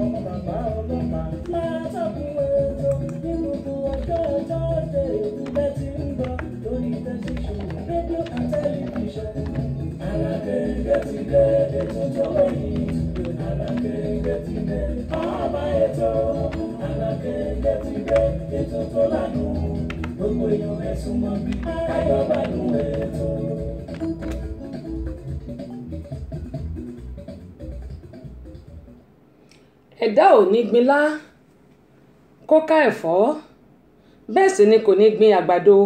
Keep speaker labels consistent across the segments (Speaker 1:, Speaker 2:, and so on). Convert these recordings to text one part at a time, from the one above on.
Speaker 1: ọmọ bàbá ọlọ́pàá máa tọ́kùn
Speaker 2: ètò ní gbogbo ọjọ́ ọjọ́ òde ìdúgbẹ́ ti ń bọ̀ lórí tẹ̀síṣù rédíò and tẹlifíṣàn. alákẹ́rẹ́gbẹ́ ti dé ètò tó wọ̀nyí alákẹ́rẹ́gbẹ́ ti dé ọba ètò alákẹ́rẹ́gbẹ́ ti dé ètò tó lánàá
Speaker 1: gbogbo èèyàn ẹ̀sùn mọ́ bí ayọ̀ bá lù ẹ́.
Speaker 3: ẹ̀dá ò ní gbinlá kó ká ẹ̀fọ́ bẹ́ẹ̀ sì ni kò ní gbin àgbàdo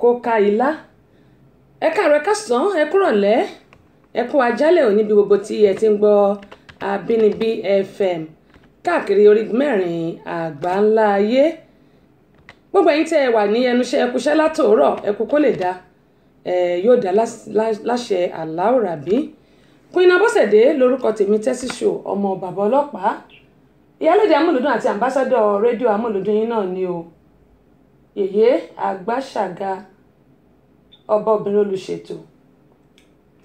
Speaker 3: kó ká ilá ẹ káàárọ̀ ẹ káàsán ẹ kúrọ̀lẹ́ ẹ kú ajálẹ̀ òní bí gbogbo tí ẹ ti ń gbọ́ Àbínibí FM káàkiri orígun mẹ́rin àgbà ńlá ayé gbogbo ẹ̀yin tẹ́ ẹ wà ní ẹnuṣẹ́ ẹkúṣẹ́ látòórọ̀ ẹkú kó lè dá ẹ yóò dá láṣẹ aláwòrábí. La, Queen Abọ́sẹ̀dé lórúkọ tèmi tẹ́sí ṣò ọmọ bàbá ọlọ́pàá ìyálòdì amúlùdùn àti àmbásádọ̀ rédíò amúlùdùn yín náà ni o yèyé àgbàṣàga ọba obìnrin olùṣètò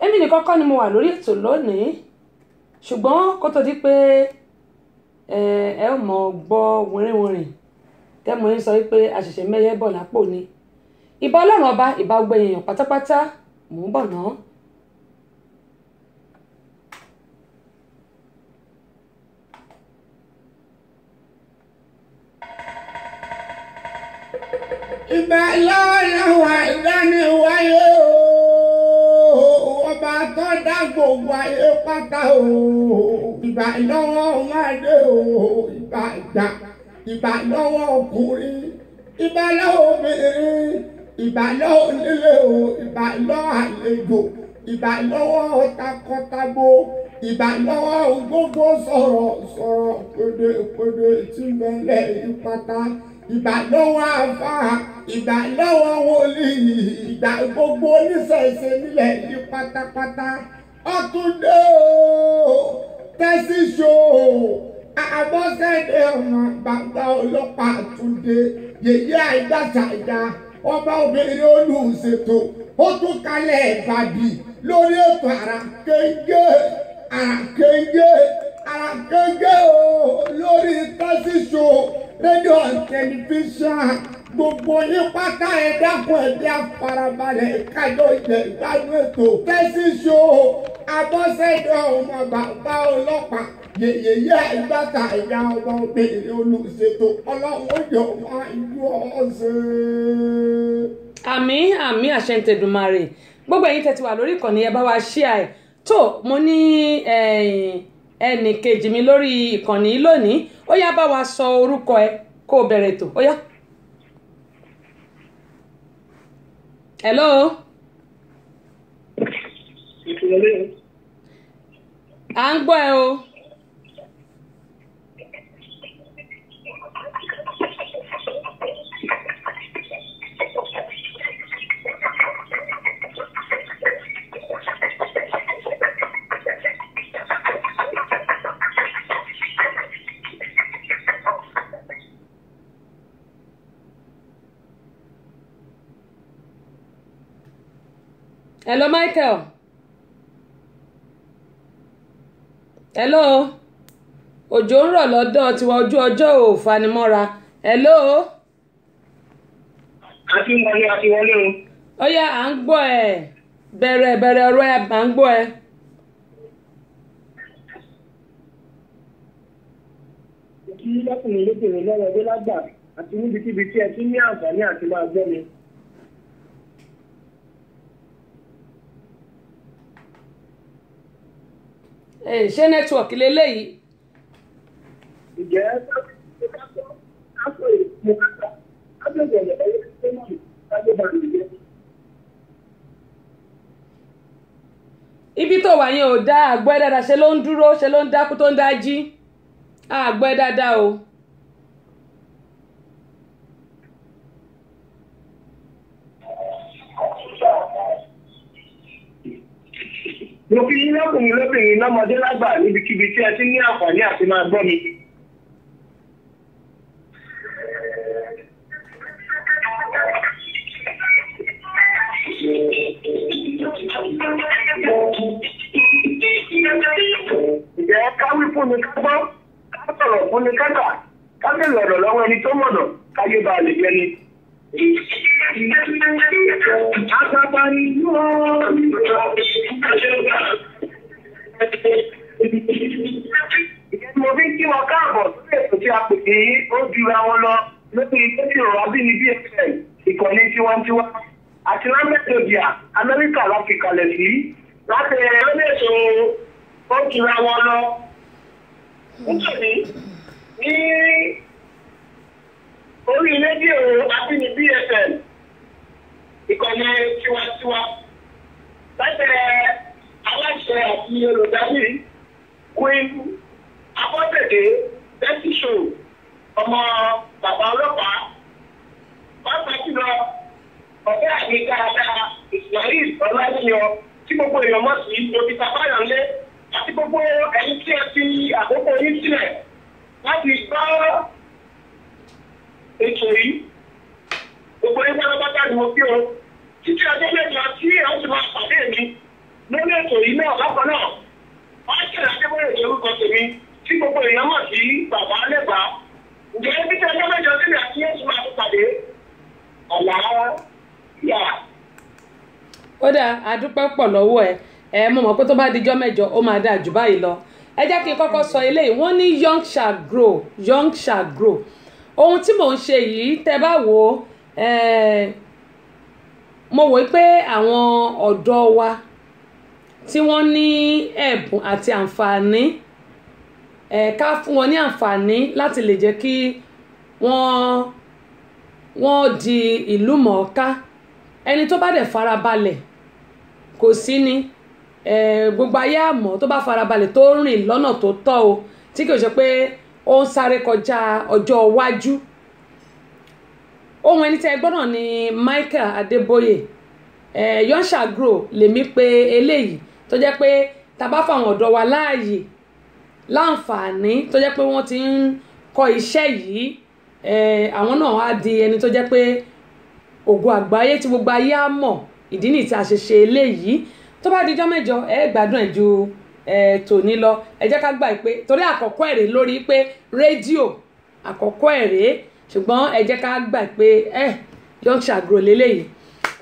Speaker 3: èmi nìkan kọ́ ni mo wà lórí ètò lónìí ṣùgbọ́n kó tó di pé ẹ ò mọ̀ gbọ́ wìrìwìrìn tẹ́mo ń sọ pé àṣẹ̀ṣẹ̀ mẹ́yẹ́ bọ̀ lápò ni ìbà ọlọ́run ọba ìbà gbẹ̀yìn èèyàn pátápátá mò ń bọ̀ náà
Speaker 4: ìbẹ̀ lọ́ọ̀lọ́ wà ìdániwáyé o
Speaker 2: ọba tó dá gbogbo ayé pátá o ìgbà lọ́wọ́ ọmọdé o ìgbà ìgbà ìgbà lọ́wọ́ ọkùnrin ìgbà lọ́wọ́ obìnrin ìgbà lọ́wọ́ onílé o ìgbà lọ́wọ́ àlejò ìgbà lọ́wọ́ takọtabo ìgbà sọ̀rọ̀ sọ̀rọ̀ pèdèpèdè tí mẹ́lẹ̀ yí ìgbà lọ́wọ́ àfà ìgbà lọ́wọ́ wòlíì ìgbà gbogbo oníṣẹ̀ṣe nílẹ̀ ní pátápátá ọtúndé o tẹ́sí ṣó o àbọ̀sẹ̀dẹ̀ ọmọ bàbá ọlọ́pàá túndé yèyé àìdáṣàìdá ọba obìnrin olùṣètò ó tún kalẹ̀ ìbàdí lórí ètò àràkéńgé àràkéńgé àràkéńgé o lórí tẹ́sí ṣó o rédíò tẹlifíṣàn gbogbo ní pátá ẹ dákun ẹbí àfarabalẹ̀ kájọ jẹ ìgbádùn ètò kẹ́sì ṣó abọ́sẹ̀dọ̀ ọmọ bàbá ọlọ́pàá yèyèyé ìgbàta ìyá ọmọ obìnrin olùṣètò ọlọ́run òjò wọn ìlú
Speaker 3: ọ̀sẹ̀. àmín àmín àṣẹǹtẹ̀dùmarè gbogbo ẹ̀yin tẹ̀ ti wà lórí ìkànnì ẹ bá wa ṣí àì tó mo ní eh, ẹnì kejì mi lórí ìkànnì lónìí ó yá bá wa sọ orúkọ ẹ kó o bẹ̀rẹ̀ tó ó yá. hello. à ń gbọ́ ẹ o. hello Michael hello òjò ń rọ̀ lọ́dọ̀ tiwọn ojú ọjọ́ ò fanimọ́ra hello. àti wọlé o. à ń gbọ́ ẹ bẹ̀rẹ̀ bẹ̀rẹ̀ ọ̀rọ̀ ẹ à ń gbọ́ ẹ.
Speaker 4: kí lọ́kùnrin lóbìnrin lọ́wọ́ ọdún lágbà àti níbikíbi tí ẹ ti ní àǹfààní àti máa gbọ́ mi.
Speaker 3: ẹ ṣé netwọk lélẹ́yìí. ǹjẹ́
Speaker 4: káfọ́
Speaker 3: èèyàn káfọ́ èèyàn
Speaker 4: ẹ̀yẹ́ sẹ́yìn káfọ́ èèyàn
Speaker 3: ibi tó wà yẹn ò dáa àgbọ̀ dáadáa ṣe ló ń dúró ṣe ló ń dákú tó ń o.
Speaker 4: mo kí yín lọ́kùnrin lóbìnrin lọ́mọdé lágbà níbikíbi tí ẹ ti ní àǹfààní àti máa gbọ́ mi. ǹjẹ́ ká wí fún mi ká gbọ́ ká sọ̀rọ̀ fún mi ká ká sì lọ̀rọ̀ lọ́wọ́ ẹni tó mọ̀nà káyé bá a lè yẹ ni. Mo fi kí wọn káàbọ̀ lórí ètò tí a pè ní ó jura wọn lọ lórí rédíò abínibí ẹ̀fẹ̀ ìkànnì tiwantiwa àti lámẹ́tòdìà Amẹ́ríkà láti kalẹ̀ sí láti lórí ètò ó jura wọn lọ. Nítorí ní orí rédíò Àbínibí FM ìkànnì tiwantiwa lábẹ́ aláṣẹ àti olùdarí queen abọ́tẹ̀dé betty show ọmọ bàbá ọlọ́pàá pàápàá jùlọ ọ̀gá àmì dáadáa Ismail ọláníyàn tí gbogbo èèyàn mọ̀ sí dókítà Fáyọ̀lé àti gbogbo ẹni tí ẹ fi àkókò yín sílẹ̀ láti gbọ́ nítorí gbogbo ní pátápátá ni mo fi o títí ọjọ́ mẹ́ta tí àwọn ti máa pàdé mi lórí ètò yìí náà bákan náà wọ́n á tẹ̀lé adébọ̀rẹ̀ ìṣòro kan tèmi tí gbogbo èèyàn mọ̀ sí bàbá lẹ́bàá ǹjẹ́ títí ọjọ́ mẹ́jọ sílẹ̀ àti yóò ti máa pàdé ọ̀la
Speaker 3: yà. ó dáa àdúpẹ́ pọ̀ lọ́wọ́ ẹ ẹ mo mọ̀ pé tó bá dijọ́ mẹ́jọ ó máa dáa jù báyìí lọ ẹ jẹ́ kí n kọ́kọ́ sọ eléyìí wọ́n ní young shall grow young shall grow ohun tí mò ń ṣe yìí tẹ́ bá wò ó mo wòó pé àwọn ọ̀dọ́ wa tí wọ́n ní ẹ̀bùn àti àǹfààní ká fún wọn ní àǹfààní láti lè jẹ́ kí wọ́n di ìlú mọ̀ọ́ká ẹni tó bá dẹ̀ farabalẹ̀ kò sí ni gbogbo ayé àmọ́ tó bá farabalẹ̀ tó rìn lọ́nà tó tọ́ o tí kò ṣe pé ó ń sáré kọjá ọjọ́ iwájú ohun ẹni tẹ́ ẹ gbọ́dọ̀ ni Michael Adébóyè eh, yonsha grow lèmi pé eléyìí tó jẹ́ pé tàbá fáwọn ọ̀dọ́ wa láàyè láǹfààní tó jẹ́ pé wọ́n ti ń kọ́ iṣẹ́ yìí àwọn náà á di ẹni tó jẹ́ pé ògo àgbáyé tí gbogbo ayé á mọ̀ ìdí nìyí tí a ṣe ṣe eléyìí tó bá dijọ́ mẹ́jọ ẹ gbádùn ẹ̀ ju tòní lọ ẹ jẹ́ ká gbà pé torí àkọ́kọ́ èrè lórí pé rédíò àkọ́kọ́ èrè ṣùgbọ́n ẹ jẹ́ ká gbà pé ẹ yọ ṣàgùrò lélẹ́yìí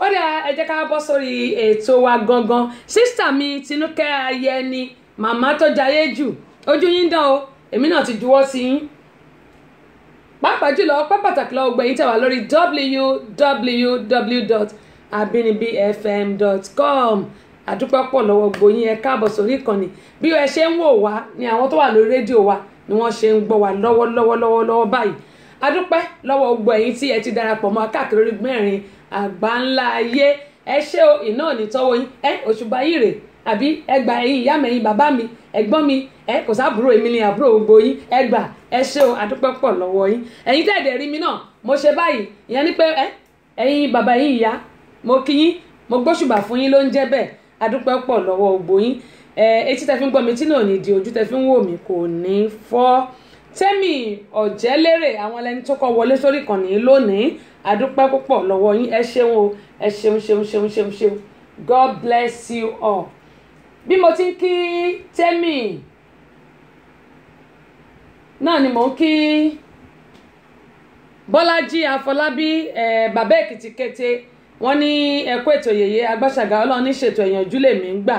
Speaker 3: ó dà ẹ jẹ́ ká bọ́ sórí ètò wa gangan sísítà mi Tinúkẹ́ Ayẹni màmá tó jayé jù ojú yín dán o èmi náà ti juwọ́ sí yín pàápàá jùlọ ọpẹ́ pàtàkì lọ́wọ́ gbẹ̀yìn tẹ̀wá lórí www.abinibifm.com àdúpẹ́ pọ̀ lọ́wọ́ gbòyìn ẹ káàbọ̀ sórí ìkànnì bí ẹ ṣe ń wò wá ni àwọn tó wà lórí rédíò wa ni wọ́n ṣe ń gbọ́ wa lọ́wọ́lọ́wọ́ lọ́wọ́lọ́wọ́ báyìí àdúpẹ́ lọ́wọ́ gbọ́ ẹ̀yin tí ẹ ti darapọ̀ mọ́ káàkiri orí mẹ́rin àgbáńlá ayé ẹ ṣé o iná ò ní tọ́wọ́ yín ẹ òṣùbà yìí rè àbí ẹ gbà ẹ̀yin ìyá mẹ́yìn bàbá mi ẹ̀gbọ́n mi ẹ kò sábúrò èmi ni àbúrò gbogbo yín ẹ gbà ẹ ṣé o àdúpẹ́ pọ̀ lọ́wọ́ yín ẹ̀yin tẹ̀dẹ̀ rí mi náà mo ṣe báyìí ìyẹn ni pé ẹ ẹ̀yin bàbá yín ìyá mo kí yín mo gbóṣùbà fún yín ló ń jẹ́ bẹ́ẹ̀ adúpẹ́ pọ̀ lọ́wọ́ gbogbo yín etí tẹ fi ń gbọ́ mi tí náà ní di ojú tẹ fi ń wò mí kò ní fọ́ tẹ́mì ọ̀jẹ́lérè àwọn ẹni tó kọ́ wọlé sórí ìkànnì lónìí adúpẹ́ púpọ̀ lọ́wọ́ yín ẹ ṣeun o ẹ ṣeun ṣeun ṣeun ṣeun ṣeun God bless you all bí mo ti ń kí tẹ́mì náà ni mò ń kí Bọ́lájí Afọlábí bàbá Èkìtì kété wọ́n ní ẹkọ ètò yèyé agbáṣàgà Ọlọ́run ní ṣètò ìyànjú lèmi ń gbà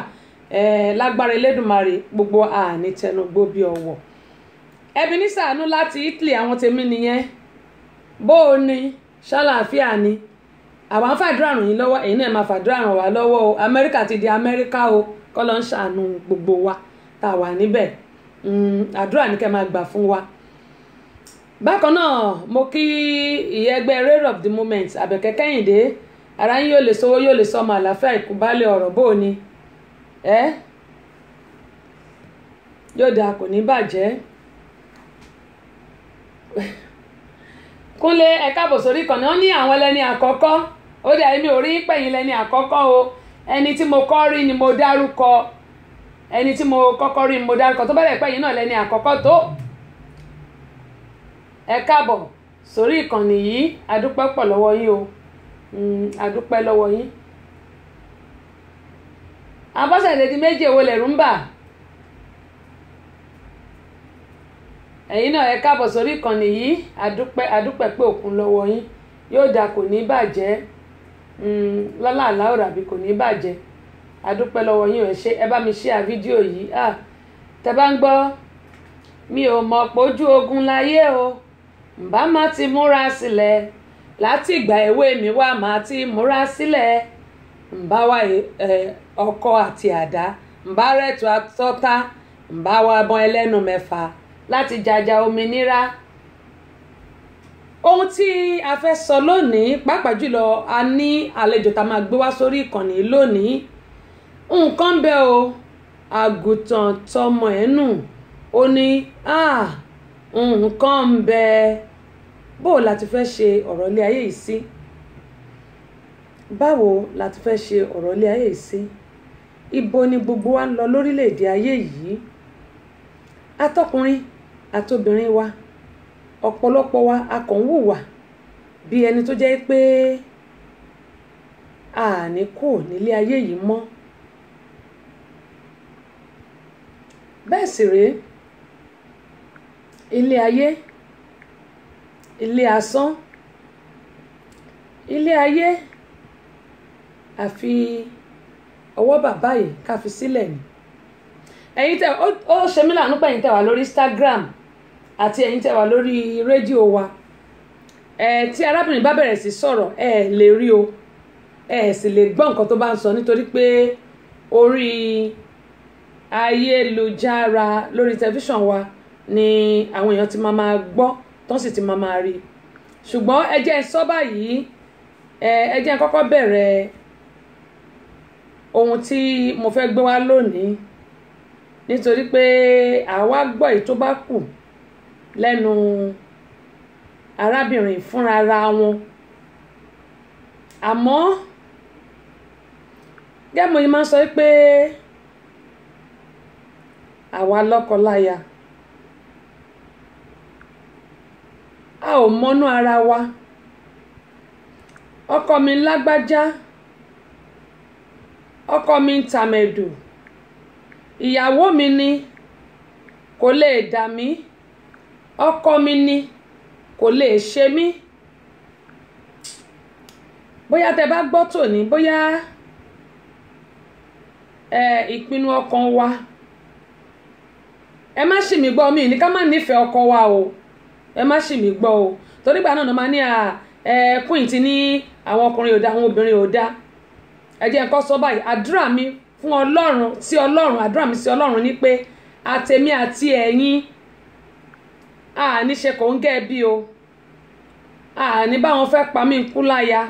Speaker 3: lágbára Elédùmarè gbogbo àní tẹnugbó bí ọwọ́ ẹbí ní sàánú láti Italy àwọn tèmi nìyẹn bó o ní ṣàlàáfíà ni àwa ń fàdúrà ràn yín lọ́wọ́ èyí náà máa fàdúrà ràn wá lọ́wọ́ o Amẹ́ríkà ti di Amẹ́ríkà o kọ́ ló ń ṣàánú gbogbo wa tá a wà níbẹ̀ hmm, àdúrà ní kẹ́ máa gbà fún wa bákan náà mo kí ìyẹgbẹ́ rare of the moment Àbẹ̀kẹ́ Kẹ́hìndé ara yín yóò lè sọ owó yóò lè sọ ọmọ àlàáfíà ìkúbálẹ̀ ọ̀rọ̀ bó ni ẹ́ yóò dáa kò ní bàjẹ́ kúnlé ẹ káàbọ̀ sórí kan náà ní àwọn ẹlẹ́ni àkọ́kọ́ ó dà èmi ò rí pẹ̀yìn lẹ́ni àkọ́kọ́ o ẹni tí mo kọ́ rí ni mo dárúkọ ẹni tí mo kọ́kọ́ rí ni mo dárúkọ tó bá dẹ̀ pẹ̀yìn náà lẹ́ni àkọ́kọ́ tó ẹ káàbọ̀ sórí ìkànnì yìí adúpẹ́ pọ̀ lọ́wọ́ yín o. àdúpẹ́ mm, lọ́wọ́ yín abọ́sẹ̀dé di méjì èwo lẹ̀rú ń bà ẹ̀yin náà ẹ káàbọ̀ sórí ìkànnì yìí àdúpẹ́ àdúpẹ́ pé òkun lọ́wọ́ yín yóò dà kò ní bàjẹ́ mm, lọ́lá àláòrà bí kò ní bàjẹ́ àdúpẹ́ lọ́wọ́ yín ẹ ṣe ẹ bá mi share fídíò yìí ah tẹ bá ń gbọ́ mi ò mọ̀ pójú ogun láyé o ǹbá má ti múra sílẹ̀. Si láti ìgbà èwe mi wá màá ti múra sílẹ̀ ń bá wa ọkọ àti àdá ń bá rẹ̀tù àtọ́ta ń bá wa bọn ẹlẹ́nu mẹ́fà láti jàjà òmìnira ohun tí a fẹ́ sọ lónìí pàápàá jùlọ a ní àlejò tá a máa gbé wá sórí ìkànnì lónìí nǹkan bẹ́ẹ̀ o àgùntàn tọmọ ẹ̀ nù ó ní nǹkan bẹ́ẹ̀ bó la ti fẹ́ ṣe ọ̀rọ̀ ilé ayé yìí sí báwo la ti fẹ́ ṣe ọ̀rọ̀ ilé ayé yìí sí ibo ni gbogbo wa ń lọ lórílẹ̀‐èdè ayé yìí atọ́kùnrin àtobìnrin wa ọ̀pọ̀lọpọ̀ wa a bí ẹni tó jẹ́ pé àní kò nílé ayé yìí mọ́ bẹ́ẹ̀ sì rèé ilé Ayé ilé asán ilé ayé àfi ọwọ́ bàbá yìí ká fi sílẹ̀ ni ẹ̀yin tẹ ó ṣe mí láàánú pé ẹ̀yin tẹ wà lórí Instagram àti ẹ̀yin tẹ wà lórí rédíò wa ẹ̀ tí arábìnrin bá bẹ̀rẹ̀ sí sọ̀rọ̀ ẹ̀ lè rí o ẹ̀ sì lè gbọ́ nǹkan tó bá ń sọ nítorí pé orí ayélujára lórí tẹlifíṣàn wa ni àwọn èèyàn ti máa máa gbọ́ tán sì ti máa máa rí ṣùgbọ́n ẹ jẹ́ sọ báyìí ẹ jẹ́ kọ́kọ́ bẹ̀rẹ̀ ohun tí mo fẹ́ gbé wá lónìí nítorí pé àwa gbọ́ èyí tó bá kù lẹ́nu arábìnrin fúnra ra wọn àmọ́ gẹ́gẹ́ mo yìí máa ń sọ pé àwa lọ́kọ láya. a ò mọnụ ara wa ọkọ mi ń lágbájá ọkọ mi ń tàmẹ̀dù ìyàwó mi ni kò lè dà mí ọkọ mi ni kò lè ṣe mí bóyá tẹ bá gbọ́ tòní bóyá ẹ ìpinnu ọkàn wa ẹ má ṣì mí gbọ́ mi ní ká má nífẹ̀ẹ́ ọkọ wa o. ẹ má ṣì mí gbọ́ o torí ìgbà náà ló máa ní queen ti ní àwọn ọkùnrin ò dá àwọn obìnrin ò dá ẹ jẹ́ nǹkan sọ báyìí àdúrà mi fún ọlọ́run sí ọlọ́run àdúrà mi sí ọlọ́run ni pé àtẹ̀mí àti ẹ̀yin àní ṣe kò ń gẹ́ bí o àní báwọn fẹ́ pa mí kú láya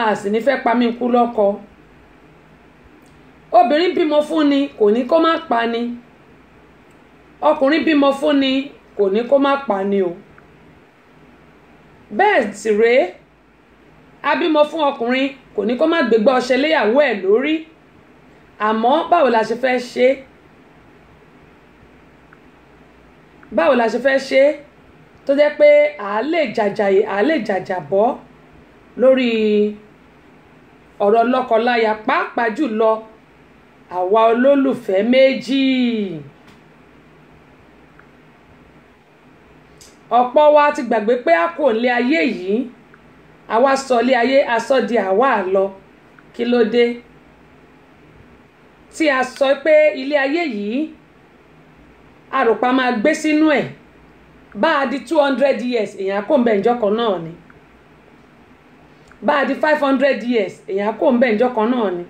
Speaker 3: àsì ní fẹ́ pa mí kú lọ́kọ obìnrin bímọ fún ni kò ní kó má pa ni ọkùnrin bímọ fún ni kò ní kó má pa ni o bẹ́ẹ̀ sì rèé a bímọ fún ọkùnrin kò ní kó má gbégbá ọṣẹ léyàwó ẹ̀ lórí àmọ́ báwo la ṣe fẹ́ ṣe báwo la ṣe fẹ́ ṣe tó jẹ́ pé à á jàjàyè à jàjàbọ́ lórí ọ̀rọ̀ lọ́kọláya pàápàá jùlọ àwa olólùfẹ́ méjì. ọ̀pọ̀ wa ti gbàgbé pé a kò lé ayé yìí àwa sọ lé ayé di àwa lọ kí ló dé tí a sọ pé ilé ayé yìí àròpá máa gbé sínú ẹ̀ bá a di two years èèyàn kò ń kan náà ni bá a di five years èèyàn kò ń kan náà ni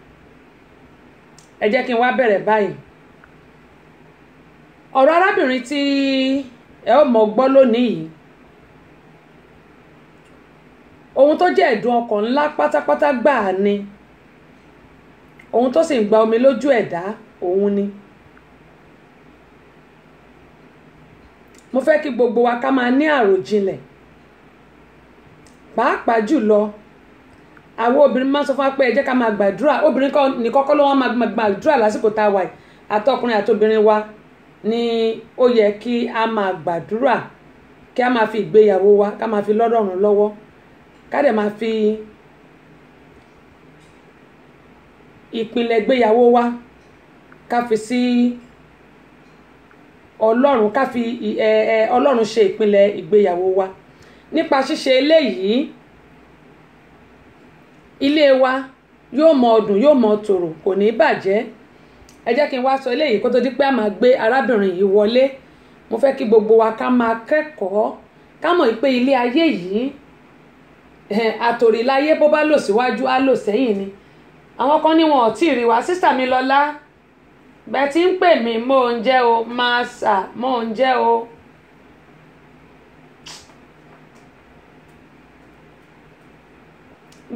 Speaker 3: ẹ jẹ́ kí n wá bẹ̀rẹ̀ ẹ ó mọ̀ gbọ́ lónìí yìí ohun tó jẹ́ ẹ̀dùn ọkàn ńlá pátápátá gbàá ni ohun tó sì ń gba omi lójú ẹ̀dá òun ni. mo fẹ́ kí gbogbo wa ká máa ní àròjinlẹ̀ pàápàá jùlọ àwọn obìnrin máa ń sọ fún wa pé ẹ jẹ́ ká máa gbàdúrà obìnrin nìkọ́kọ́ ló wọ́n máa gbàdúrà lásìkò tá a wà àtọkùnrin àtobìnrin wa ni ó yẹ kí a máa gbàdúrà kí a máa fi ìgbéyàwó wa ká máa fi lọ́dọ̀rùn lọ́wọ́ ká dẹ̀ máa fi ìpìlẹ̀ ìgbéyàwó wa ká fi sí ọlọ́run ká fi ẹ ẹ ọlọ́run ṣe ìpìlẹ̀ ìgbéyàwó wa nípa ṣíṣe eléyìí ilé wa yóò mọ ọdún yóò mọ tòrò kò ní bàjẹ́ ẹ jẹ́ kí n wá sọ eléyìí kó tó di pé a máa gbé arábìnrin yìí wọlé mo fẹ́ kí gbogbo wa ká máa kẹ́kọ̀ọ́ ká mọ̀ pé ilé ayé yìí àtòríláyé bó bá lọ síwájú á lọ sẹ́yìn ni àwọn kan ní wọn ò tí ì rí wa sísà mi lọ́lá bẹ́ẹ̀ ń pè mí mò ń jẹ́ o máa sà mò ń jẹ́ o.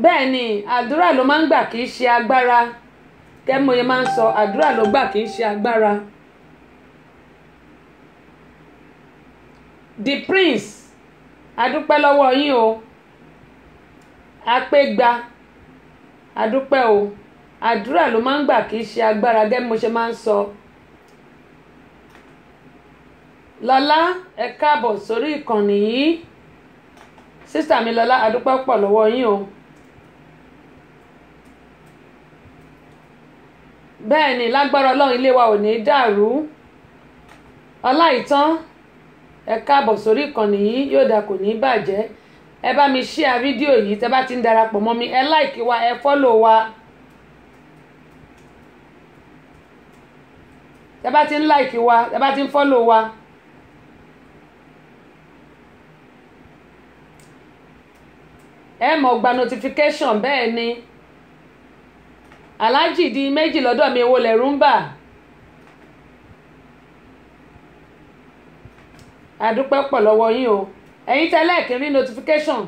Speaker 3: bẹ́ẹ̀ ni àdúrà ló máa ń gbà kì í ṣe agbára tẹ́mọ̀ yẹn máa ń sọ àdúrà ló gbà kì í ṣe agbára. the prince adúpẹ́ lọ́wọ́ yín o apẹ́gba adúpẹ́ o àdúrà ló máa ń gbà kì í ṣe agbára gẹ́gẹ́ mo ṣe máa ń sọ. lọ́lá ẹ káàbọ̀ sórí ìkànnì yìí sísà mi lọ́lá adúpẹ́ pọ̀ lọ́wọ́ yín o. bẹ́ẹ̀ ni lágbára ọlọ́run ilé wa ò ní dàrú ọláìtàn ẹ̀ka káàbọ̀ sórí ìkànnì yìí yóò dà kò ní bàjẹ́ ẹ bá mi ṣíà fídíò yìí tẹ bá ti ń darapọ̀ mọ́ mi ẹ láìkí wa ẹ fọ́lò wa tẹ bá ti ń láìkí wa tẹ bá ti ń fọ́lò wa. ẹ mọ̀ gba notification bẹ́ẹ̀ ni. aláàjì di méjì lọ́dọ̀ mi wo lẹ̀rú ń bà àdúpẹ́ pọ̀ lọ́wọ́ yín o ẹ̀yin tẹ́lẹ̀ kí n rí notification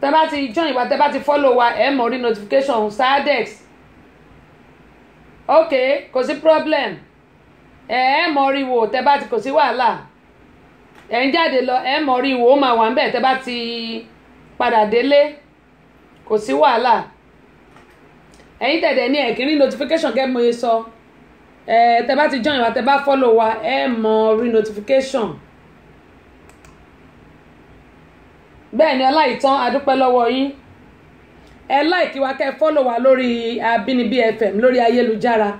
Speaker 3: tẹ́ bá ti join wa tẹ́ bá ti follow wa ẹ̀ mọ̀ rí notification Sadex ok kò sí problem ẹ̀ ẹ̀ mọ̀ rí wo tẹ́ bá ti kò sí wàhálà ẹ̀ ń jáde lọ ẹ̀ mọ̀ rí wo ó máa wà ń bẹ̀ tẹ́ bá ti padà délé kò sí wàhálà ẹ̀yin tẹ̀tẹ̀ ní ẹ̀kínrí notification gẹ́gẹ́ mo yẹ sọ ẹ̀ tẹ bá ti join wa tẹ bá follow wa ẹ mọ̀ rí notification. bẹ́ẹ̀ ni ọláìtàn adúpẹ́ lọ́wọ́ yín ẹ láìkí wa kẹ́ ẹ fọ́lọ̀ wa lórí Àbínibí FM lórí ayélujára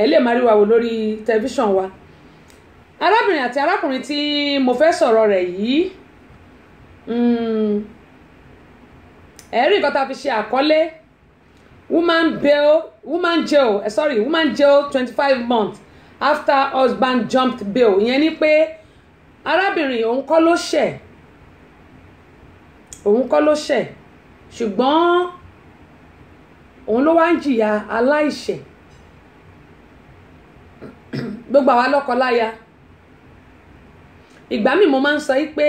Speaker 3: ẹ lè má rí wa wò lórí tẹlifíṣàn wa arábìnrin àti arákùnrin tí mo fẹ́ sọ̀rọ̀ rẹ̀ yìí hmm, ẹ̀rí nǹkan tá a fi ṣe àkọlé woman bail woman jail eh, sorry woman jail twenty five months after husband jumped bail ìyẹn ni pé arábìnrin òun kọ́ ló ṣẹ̀ òun kọ́ ló ṣẹ̀ ṣùgbọ́n òun ló wá ń jìyà aláìṣẹ̀ gbogbo àwa lọ́kọláya ìgbà míì mo máa ń sọ yí pé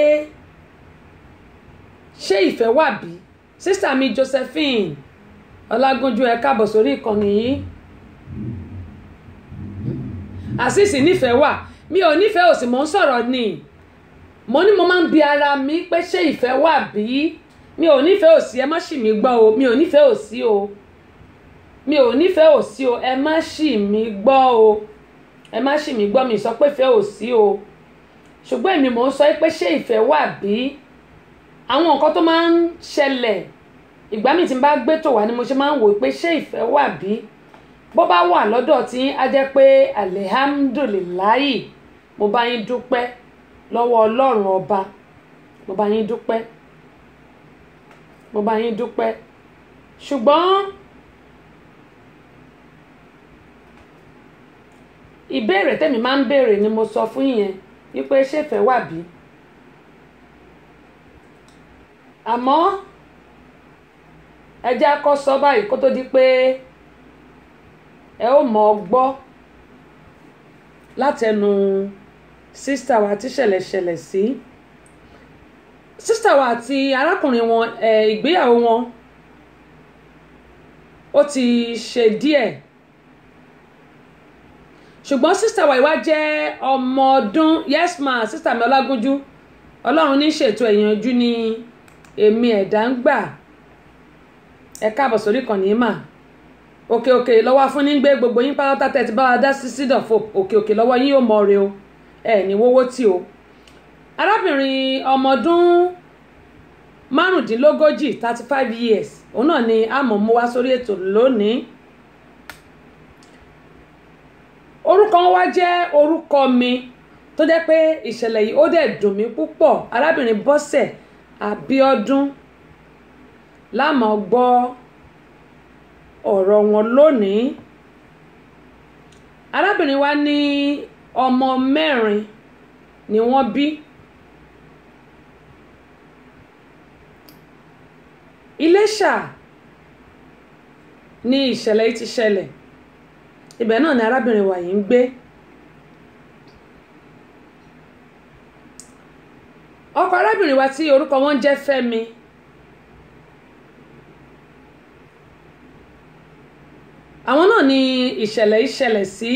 Speaker 3: ṣé ìfẹ́ wà bí sísà mi Josephine ọlágúnjú ẹ káàbọ̀ sórí ìkànnì yìí àṣìṣì nífẹ̀ẹ́ wà mi ò nífẹ̀ẹ́ òsì mò ń sọ̀rọ̀ ni mo ní mo máa ń bi ara mi pé ṣé ìfẹ́ wà bí mi ò nífẹ̀ẹ́ òsì ẹ má ṣì mí gbọ́ o mi ò nífẹ̀ẹ́ òsì o mi ò nífẹ̀ẹ́ òsì o ẹ má ṣì mí gbọ́ o ẹ má ṣì mí gbọ́ mi sọ pé ìfẹ́ òsì o ṣùgbọ́n èmi mò ń sọ pé ṣé ìfẹ́ wà bí àwọn nǹkan tó máa ń ṣẹlẹ̀ ìgbà míì tí n bá gbé tò wá ni mo ṣe máa ń wò pé ṣé ìfẹ́ wà bí bó bá wà lọ́dọ̀ tí á jẹ́ pé alihamdulilayi mo bá yín dúpẹ́ lọ́wọ́ ọlọ́run ọba mo bá yín dúpẹ́ mo bá yín dúpẹ́ ṣùgbọ́n ìbéèrè tèmi máa ń béèrè ni mo sọ fún yẹn wípé ṣé ìfẹ́ wà bí àmọ́ ẹ jẹ́ akọ́ sọ báyìí kó tó di pé ẹ ó mọ̀ ọ́ gbọ́ látẹnu sísítà wa tí ṣẹlẹ̀ ṣẹlẹ̀ sí sísítà wa àti arákùnrin wọn ìgbéyàwó wọn ó ti ṣe díẹ̀ ṣùgbọ́n sísítà wa ìwá jẹ́ ọmọ ọdún yes ma sísítà mi ọlágúnjú ọlọ́run ní ṣètò ẹ̀yànjú ni èmi ẹ̀dá ń gbà ẹ káàbọ̀ sórí ìkànnì mà òkè òkè lọ́wọ́ fún ní gbé gbogbo yín pátá tẹ́tí bá wa dá sí sí dọ̀fọ̀ òkè òkè lọ́wọ́ yín yóò mọ ọrẹ o ẹ ní wọ́wọ́ tí o. arábìnrin ọmọdún márùndínlógójì thirty five years òun náà ni àmọ̀ mú wá sórí ètò lónìí. orúkọ wọn wá jẹ́ orúkọ mi tó jẹ́ pé ìṣẹ̀lẹ̀ yìí ó dẹ̀ dùn mí púpọ̀ arábìnrin bọ́sẹ̀ àbíọ́dún láàmú gbọ́ ọ̀rọ̀ wọn lónìí arábìnrin wa ní ọmọ mẹ́rin ni wọ́n bí Iléṣà ni ìṣẹ̀lẹ̀ yìí ti ṣẹlẹ̀ ibẹ̀ náà ni arábìnrin wa yìí ń gbé ọkọ arábìnrin wa tí orúkọ wọn jẹ́ Fẹ́mi. àwọn náà ni ìṣẹ̀lẹ̀ ìṣẹ̀lẹ̀ sí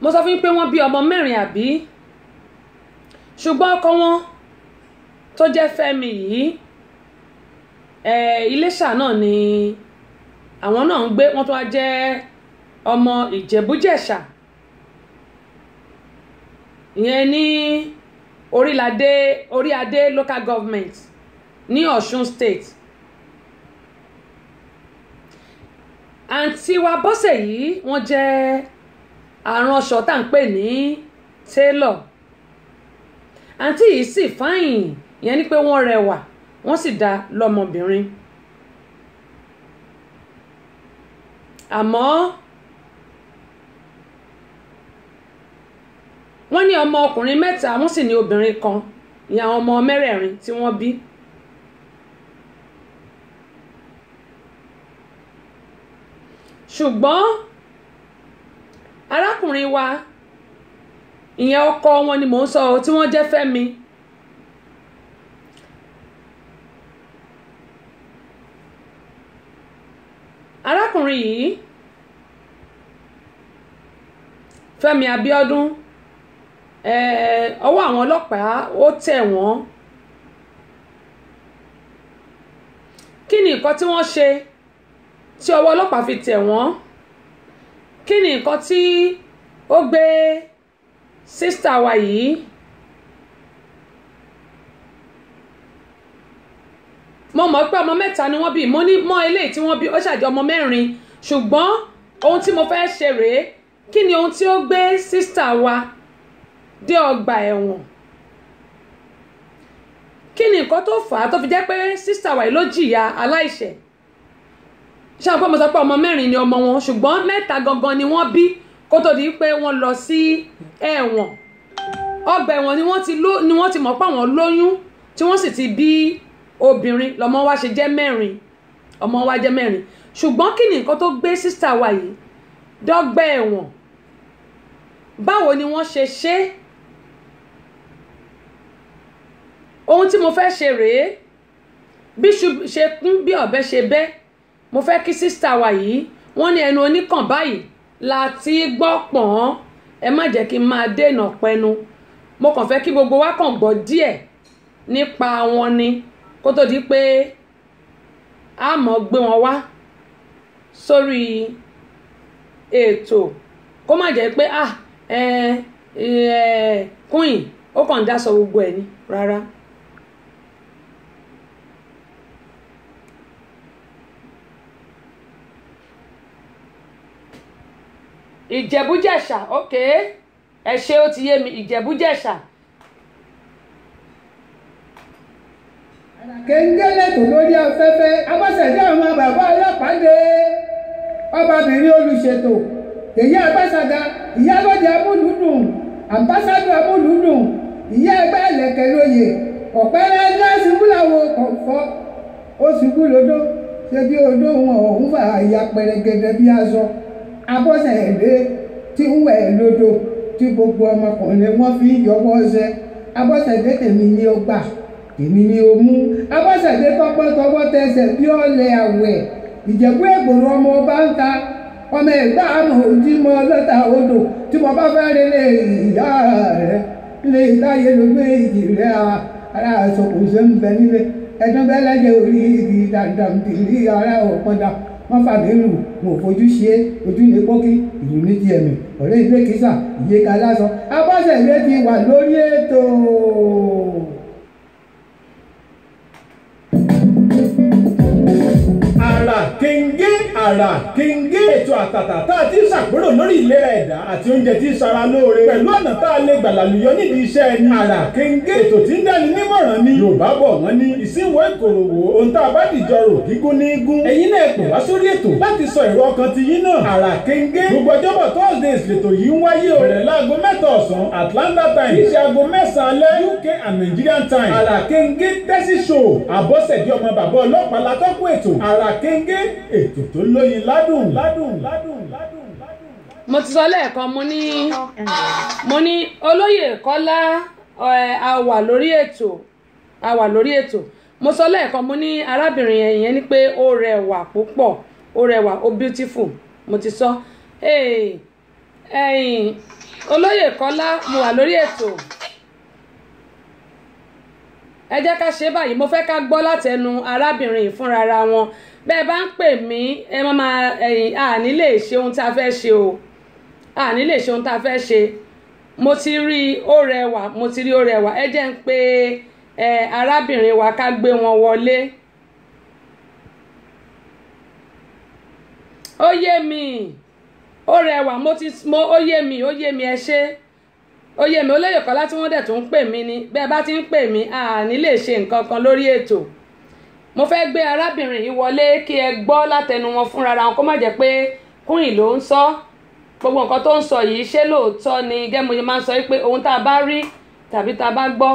Speaker 3: mo sọ fún yín pé wọ́n bí ọmọ mẹ́rin àbí ṣùgbọ́n ọkọ wọn tó jẹ́ Fẹ́mi yìí Iléṣà náà ni àwọn náà ń gbé wọ́n tó wá jẹ́ ọmọ Ìjẹ̀bú-Jẹ̀ṣà ìyẹn ní Oríládé Oríadé local government ní Ọ̀ṣun state àǹtí wa bọ́sẹ̀ yìí wọ́n jẹ́ aránṣọ tá à ń pè ní tailor àǹtí yìí sì fáìn ìyẹn ni pé wọ́n rẹwà wọ́n sì dá lọ́mọbìnrin àmọ́ wọ́n ní ọmọ ọkùnrin mẹ́ta wọ́n sì ní obìnrin kan ìyẹn àwọn ọmọ mẹ́rẹ̀ẹ̀rin tí wọ́n bí. ṣùgbọ́n arákùnrin wa ìyẹn ọkọ wọn ni mò ń sọ ọ tí wọ́n jẹ́ Fẹ́mi arákùnrin yìí Fẹ́mi Abíọ́dún ọwọ́ àwọn ọlọ́pàá ó tẹ̀ wọ́n kí ni nǹkan tí wọ́n ṣe tí ọwọ́ ọlọ́pàá fi tẹ̀ wọ́n kí ni nǹkan tí ó gbé sísítà wa yìí mo mọ̀ pé ọmọ mẹ́ta ni wọ́n bí mo ní mọ́ eléyìí tí wọ́n bí ó ṣàjọ ọmọ mẹ́rin ṣùgbọ́n ohun tí mo fẹ́ ṣe rèé kí ni ohun tí ó gbé sísítà wa dé ọgbà ẹ̀wọ̀n kí ni nǹkan tó fà á tó fi jẹ́ pé sísítà wa yìí ló jìyà aláìṣẹ̀ ṣé àwọn ọmọ sọ pé ọmọ mẹ́rin ni ọmọ wọn ṣùgbọ́n mẹ́ta gangan ni wọ́n bí kó tó di pé wọ́n lọ sí ẹ̀wọ̀n ọgbà ẹ̀wọ̀n ni wọ́n ti mọ̀ pé àwọn lóyún tí wọ́n sì ti bí obìnrin lọ́mọ wa ṣe jẹ́ mẹ́rin ọmọ wa jẹ́ mẹ́rin ṣùgbọ́n kí ni nǹkan tó gbé sísà wa yìí dọ́gbà ẹ̀wọ̀n báwo ni wọ́n ṣe ṣe ohun tí mo fẹ́ ṣe rèé bí ṣe kún bí ọ̀bẹ ṣe bẹ́ẹ̀ mo fẹ́ kí sísítà wa yìí wọ́n ní ẹnu oníkàn báyìí la ti gbọ́ pọ̀n ẹ má jẹ́ kí n máa dènà pẹnu mo kàn fẹ́ kí gbogbo wa kàn gbọ́ díẹ̀ nípa wọn ni kó tó di pé a mọ̀ gbé wọn wá sórí ètò kó má jẹ́ pé ah ẹ ẹ kúnyìn ó kàn dá sọ gbogbo ẹ̀ ni rárá. ìjẹ̀bújẹ̀ṣà ok ẹ ṣe ó ti yé mi ìjẹ̀bújẹ̀ṣà.
Speaker 1: kéńgélé tó lórí afẹ́fẹ́ abọ́sẹ̀dé àwọn bàbá ọlọ́pàá dé ọbabìnrin olùṣètò èyí àbáṣaga ìyálóde amúlùdùn àmbásádù amúlùdùn ìyá ẹgbẹ́ ẹ̀lẹ́kẹ̀ lóye ọ̀pẹ́rẹ́ gáàsì múláwó kọ̀ọ̀fọ́ oṣù kú lódó ṣe bí odó wọn ọ̀hún fà ìyá pẹrẹgẹdẹ bí aṣọ. abọ́sẹ̀rẹ́ tí ń wẹ̀ lódò tí gbogbo ọmọkùnrin wọn fi yọwọ́ ṣe abọ́sẹ̀dé tèmi ni ó gbà tèmi ni ó mú abọ́sẹ̀dé tọpọ́ tọwọ́ tẹsẹ̀ bí àwẹ̀ ọmọ ọba ń ta ọmọ ẹ̀gbá àmọ̀ lọ́ta odò tí mo bá fẹ́ ìyá ìjì ara ṣe ń bẹ nílé wọ́n fàmí rù wọn ò fojú ṣe ojú ní pókí ìlú ní tiẹ̀ nù ọ̀rẹ́ ilé kìsà ìyẹ́ka lásán abọ́sẹ̀lẹ̀ ti wà lórí ètò. thank you
Speaker 5: àrà kíngé ètò àtàtà tá a ti ṣàpérò lórí ìlera ẹ̀dá àti oúnjẹ tí ń ṣara lóore pẹ̀lú ọ̀nà tá a lè gbàlàlùyọ nídìí iṣẹ́ ẹni àrà kíngé ètò tí ń dáni nímọ̀ràn ni Yorùbá bọ̀ wọ́n ní ìsínwó ìkòròwò ohun tá a bá dìjọ rò gígún ní gún ẹ̀yin náà pè wá sórí ètò láti sọ èrò ọkàn ti yín náà àrà kíngé gbogbo ọjọ́bọ̀ Thursdays lètò yìí ń wáyé o rẹ̀ láago mẹ́ta ọ̀sán Atlanta time iṣẹ́ aago mẹ́sàn-án alẹ́ UK and time àrà kíngé tẹ́sí show àbọ̀sẹ̀dí ọmọ bàbá ọlọ́pàá látọ́kùn ètò àrà kíngé ètò lóyìn ládùn ládùn
Speaker 3: ládùn ládùn. mo ti sọ lẹ́ẹ̀kan mo ní mo ní olóyè kọ́lá a wà lórí ètò a wà lórí ètò mo sọ lẹ́ẹ̀kan mo ní arábìnrin yẹn yẹn ni pé ó rẹwà púpọ̀ ó rẹwà ó beautiful mo ti sọ ẹ̀yìn olóyè kọ́lá mo wà lórí ètò ẹ jẹ́ ká ṣe báyìí mo fẹ́ ká gbọ́ látẹnu arábìnrin ìfúnrara wọn bẹ́ẹ̀ bá ń pè mí ẹ má máa ẹ̀yìn àní lè ṣe ohun tá a fẹ́ ṣe o àní lè ṣe ohun tá a fẹ́ ṣe mo ti rí ó rẹwà mo ti rí ó rẹwà ẹ jẹ́ ń pè ẹ arábìnrin wa ká gbé wọn wọlé. ó yé mi ó rẹwà mo ti mo ó yé mi ó yé mi ẹ ṣé oyè mi olóyè kọ́lá tí wọ́n dẹ̀ tó ń pè mí ni bẹ́ẹ̀ bá ti ń pè mí àní lè ṣe nǹkan kan lórí ètò mo fẹ́ gbé arábìnrin yìí wọlé kí ẹ gbọ́ látẹnu wọn fúnra ra wọn kó má jẹ́ pé Queen ló ń sọ gbogbo nǹkan tó ń sọ yìí ṣé lóòótọ́ ni gẹ́gẹ́ mo ṣe máa ń sọ pé ohun tá a bá rí tàbí tá a bá gbọ́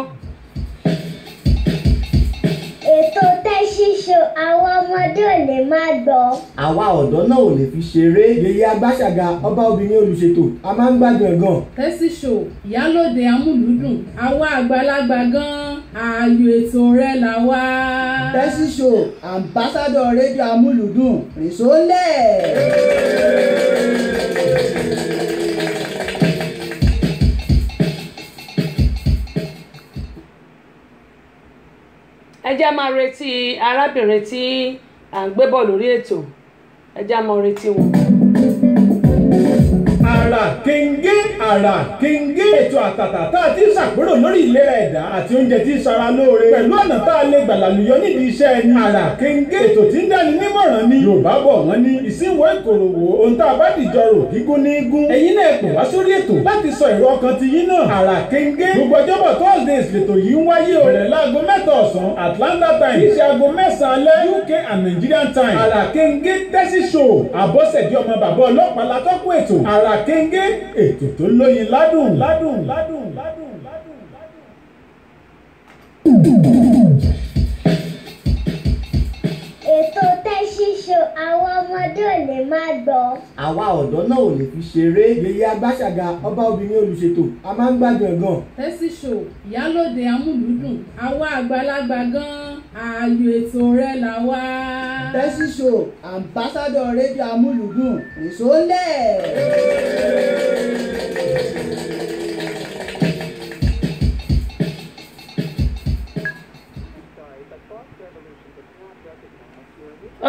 Speaker 3: ètò
Speaker 2: tẹ́sí ṣe àwọn ọmọdé ò lè má gbọ́.
Speaker 1: àwa ọ̀dọ́ náà ò lè fi ṣeré. yèyé agbáṣàga ọba obìnrin olùṣètò a máa ń gbádùn ẹ̀ gan.
Speaker 3: tẹ́sí ṣò ìyálòde amúlùúdùn àwa àgbàlagbà gan-an ààyò ètò rẹ
Speaker 1: là wá. tẹ́sí ṣò àǹbásádọ̀ rédíò amúlùúdùn rìsólẹ̀.
Speaker 3: jẹ́ máa retí arábìnrin tí à ń gbé bọ̀ lórí ètò ẹ jẹ́ máa retí wọn
Speaker 5: àrà kéńgé àrà kéńgé ètò àtàtà tá a ti ṣàpérò lórí ìlera ẹ̀dá àti oúnjẹ tí í ṣara lóore pẹ̀lú ọ̀nà tá a lè gbàlàlùyọ nídìí iṣẹ́ ẹni àrà kéńgé ètò tí ń dáni nímọ̀ràn ni Yorùbá bọ̀ wọ́n ní ìsìnwó ìkòròwò ohun tá a bá dìjọ rò gígún ní gún ẹ̀yin náà pè wá sórí ètò láti sọ èrò ọkàn ti yín náà àrà kéńgé gbogbo ọjọ́bọ̀ Thursdays lètò Atlanta time iṣẹ́ aago mẹ́sàn-án time àrà kéńgé tẹ́sí show àbọ̀sẹ̀dí ọmọ bàbá ọlọ́pàá látọ́kùn ètò àrà kéńgé gẹ́gẹ́ ètò tó lóyin ládùn ládùn ládùn ládùn ládùn ládùn.
Speaker 2: ètò tẹ́síṣe àwọn ọmọdé ò lè máa gbọ́.
Speaker 1: àwa ọ̀dọ́ náà ò lè fi ṣeré. yèyé agbáṣàga ọba obìnrin olùṣètò a máa ń gbádùn gan. tẹ́síṣe ìyálòde amúlùúdùn àwa àgbàlagbà gan-an ayò ètò rẹ là wá. bẹ́sì ṣò ambassadọ rédíò amúlùdùn nìṣó lẹ̀.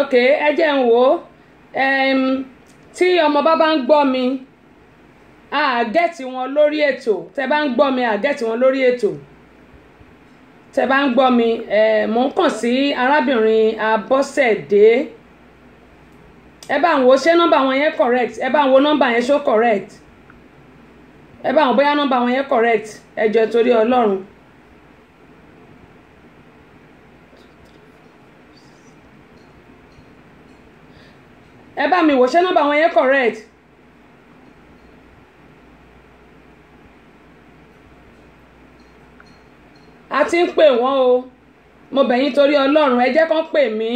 Speaker 3: ok ẹ jẹ́ ń wò ó tí ọmọ bá bá ń gbọ́ mi àgẹ́tì wọn lórí ètò tẹ́ bá ń gbọ́ mi àgẹ́tì wọn lórí ètò tẹ bá ń gbọ́ mi mò ń kàn sí arábìnrin abọ́sẹ̀dé ẹ bá ń wo ṣé nọ́mbà wọn yẹn correct ẹ bá ń wo nọ́mbà yẹn ṣó correct ẹ bá ń wo bóyá nọ́mbà wọn yẹn correct ẹ jọ̀ọ́ torí ọlọ́run. ẹ bá mi wò ṣé nọ́mbà wọn yẹn correct a ti ń pè wọ́n o mo bẹ̀ yín torí ọlọ́run ẹ jẹ́ kán pè mí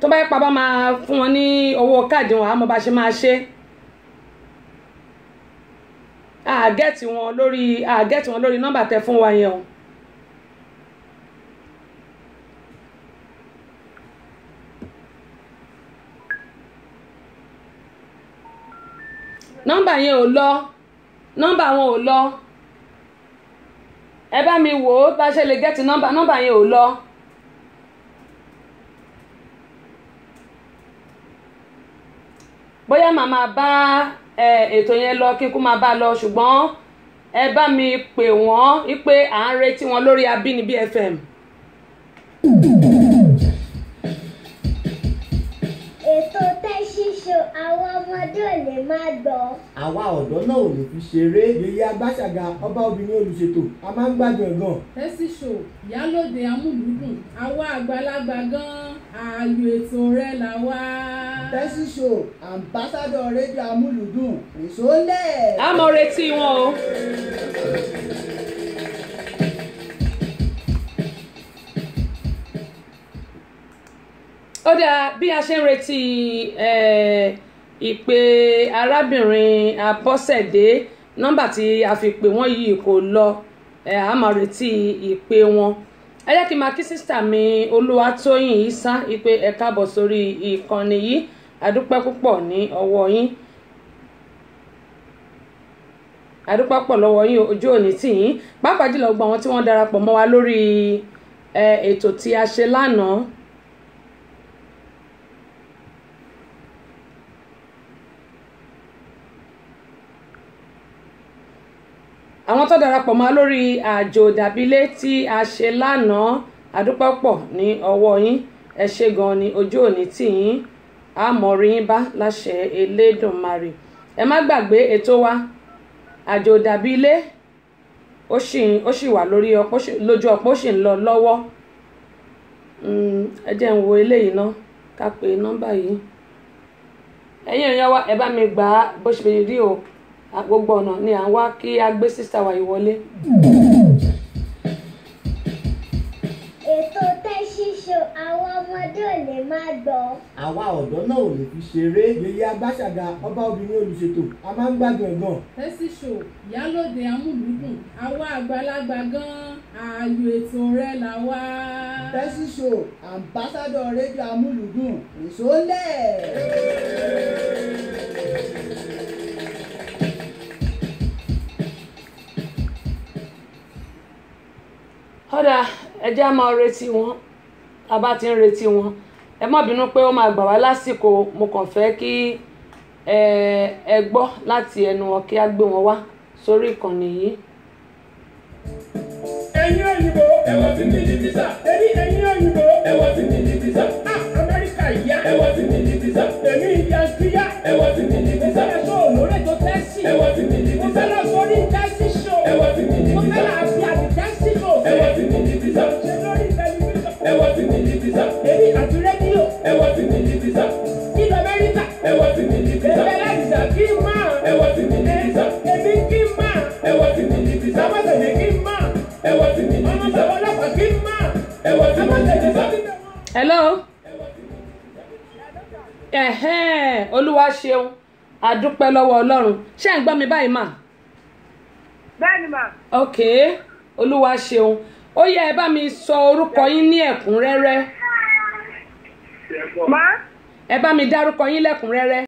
Speaker 3: tó bá yẹ pa bá máa fún wọn ní owó káàdì wọn àmọ́ bá ṣe máa ṣe àgẹ́tì wọn lórí àgẹ́tì wọn lórí nọ́mbà tẹ fún wa yẹn o. nọ́mbà yẹn ò lọ nọ́mbà wọn ò lọ ẹ bá mi wò ó bá ṣe lè gẹ́tì nọ́mbà nọ́mbà yẹn ò lọ. bóyá màá máa bá ètò yẹn lọ kí n kú máa bá a lọ ṣùgbọ́n ẹ bá mi pè wọ́n wípé à ń retí wọn lórí Abínibí FM.
Speaker 2: ṣe àwọn ọmọdé ò lè má gbọ́.
Speaker 1: àwa ọ̀dọ́ náà ò lè fi ṣeré. yèyé agbáṣàgà ọba obìnrin olùṣètò a máa ń gbádùn gan.
Speaker 3: fẹ́sì ṣò ìyálòde amúlùúdùn àwa àgbàlagbà gan-an ààyò ètò rẹ là wá. fẹ́sì
Speaker 1: ṣò àǹbáṣádọ̀ rédíò amúlùúdùn èso lẹ̀. a mọ̀
Speaker 3: retí wọn o. ó dáa bí a ṣe ń retí eh, ìpè arábìnrin Abọ́sẹ̀dé nọ́mbà tí a fi pè wọ́n yìí kò lọ eh, a máa retí ìpè wọn ẹ jẹ́ kí n máa kí sísítà mi Olúwatóyìn Isa ìpè ẹ káàbọ̀ sórí ìkànnì yìí àdúpẹ́ púpọ̀ ní ọwọ́ yín àdúpẹ́ púpọ̀ lọ́wọ́ yín ojú òní tì yín pàápàá jùlọ gbogbo àwọn tí wọ́n darapọ̀ mọ́ wa lórí eh, ètò tí a ṣe lánàá àwọn tó darapọ̀ mọ́ lórí àjò dàbílé tí a ṣe lánàá adúpọ̀pọ̀ ní ọwọ́ yín ẹ ṣe gan ni ojú òní tì yín àmọ̀rí yín bá láṣẹ Elédùmarè ẹ má gbàgbé ètò wa àjò dàbílé ó sì wà lórí lójú ọ̀pọ̀ ó sì ń lọ lọ́wọ́ hmm, ẹ jẹ́ ń wo eléyìí ná ká pe nọ́mbà yìí ẹ̀yin èèyàn wa ẹ bá mi gbà á bó ṣe rí o gbogbo ọ̀nà ni à ń wá kí a gbé sísá wa yìí wọlé.
Speaker 2: ètò tẹ́ ṣíṣe àwọn ọmọdé ò lè máa gbọ́.
Speaker 3: àwa ọ̀dọ́ náà ò lè fi ṣeré.
Speaker 1: yèyé agbáṣàgà ọba obìnrin olùṣètò a máa ń gbádùn ẹ̀ gan.
Speaker 3: tẹ́sí ṣò ìyálòde amúlùdùn àwa àgbàlagbà gan-an ààyò ètò rẹ là wá.
Speaker 1: tẹ́sí ṣò rédíò amúlùdùn èso
Speaker 3: ọ̀dà ẹjẹ́ á máa retí wọn tá a bá ti ń retí wọn ẹ má bínú pé ó máa gbà wá lásìkò mo kàn fẹ́ kí ẹ gbọ́ láti ẹnu wọn kí á gbé wọn wá sórí ìkànnì yìí.
Speaker 5: ẹ̀yin òyìnbó ẹwà tí mi ní fisa.
Speaker 3: èmi
Speaker 2: ẹ̀yin òyìnbó ẹwà tí mi ní fisa. Ah, amẹ́ríkà yá ẹwà tí mi ní fisa. èmi ìyá sí yá ẹwà tí mi ní.
Speaker 5: hello
Speaker 3: ẹ̀hẹ́n olúwa ṣeun àdúpẹ́ lọ́wọ́ ọlọ́run ṣé ń gbọ́ mi báyìí ma. bẹ́ẹ̀ni ma. ok olúwa ṣeun ó yẹ ẹ bá mi sọ orúkọ yín ní ẹ̀kúnrẹ́rẹ́. má. ẹ bá mi dárúkọ yín
Speaker 5: lẹ́kúnrẹ́rẹ́.